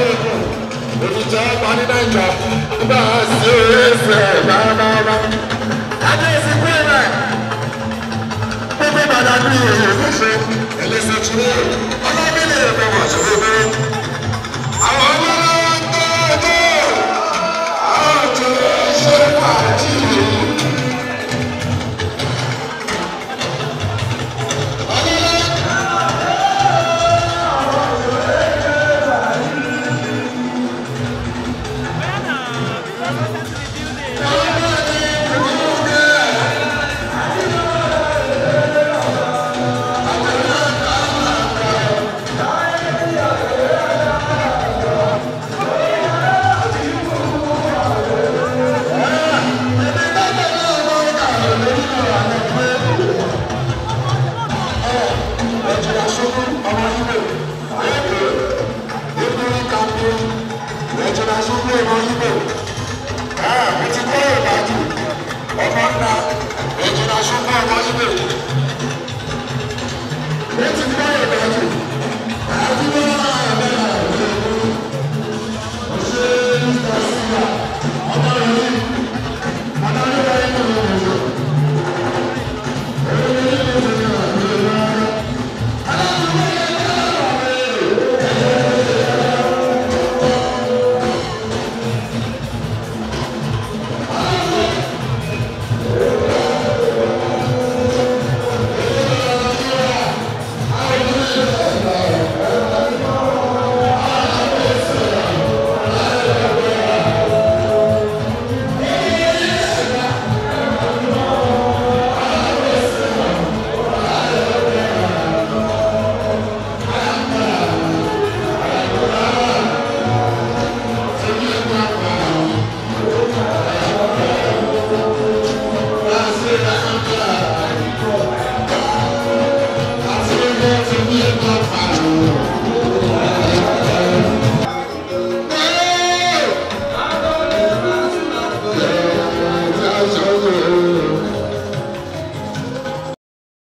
òjijì ọgbà ní nàìjà nígbà sí ẹsẹ rárá. adé ìsìnkú rẹ gbogbo bàdàbí èyí ló ṣe ẹlẹsẹ tún lè. ẹ̀jọba ṣubú ẹ̀rọ yíbò ah, mo ti kọ́ ìbàdàn ọmọ ńlá ẹ̀jọba ṣubú ẹ̀rọ yíbò. Thank you.